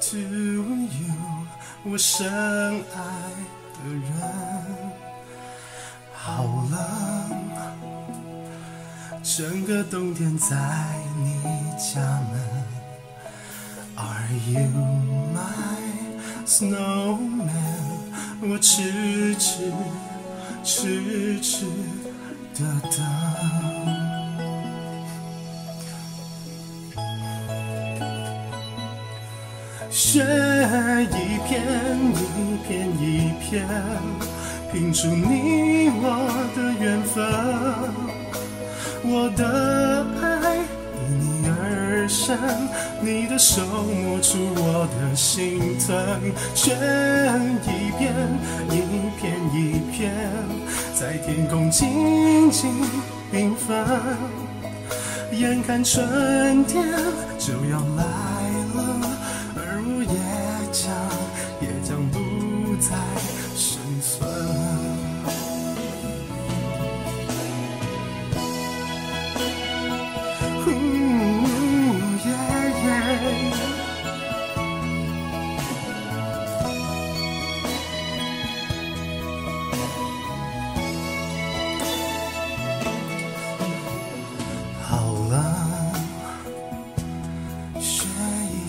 To you，我深愛的人，好冷，整個冬天在你家門。Are you my snowman？我痴痴痴痴的等。雪一片一片一片，拼出你我的緣分。我的愛因你而生，你的手摸出我的心疼。雪一片一片一片，在天空靜靜繽紛，眼看春天就要來。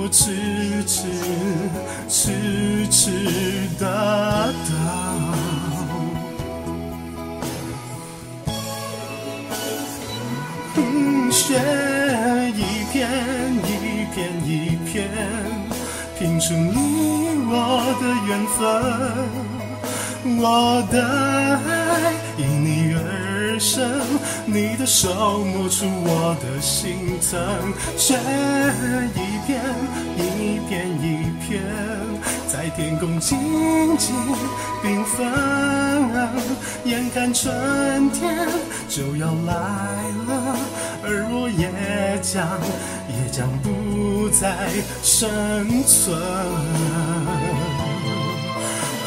我癡癡癡癡的等、嗯，雪一片一片一片，拼出你我的緣分，我的愛與你。你的手摸出我的心疼，雪一片一片一片，在天空靜靜繽紛，眼看春天就要來了，而我也將也將不再生存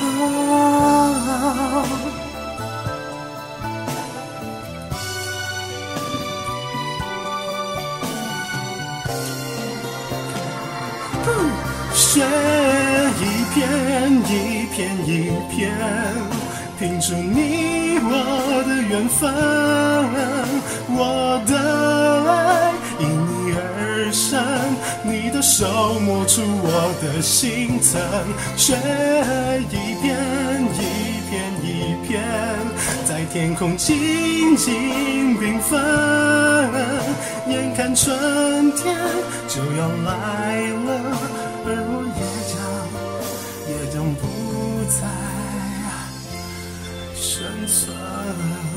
啊。雪一片一片一片，拼出你我的緣分。我的愛因你而生，你的手摸出我的心疼。雪一片一片一片，在天空靜靜繽紛。眼看春天就要來了。而我也將，也將不再生存。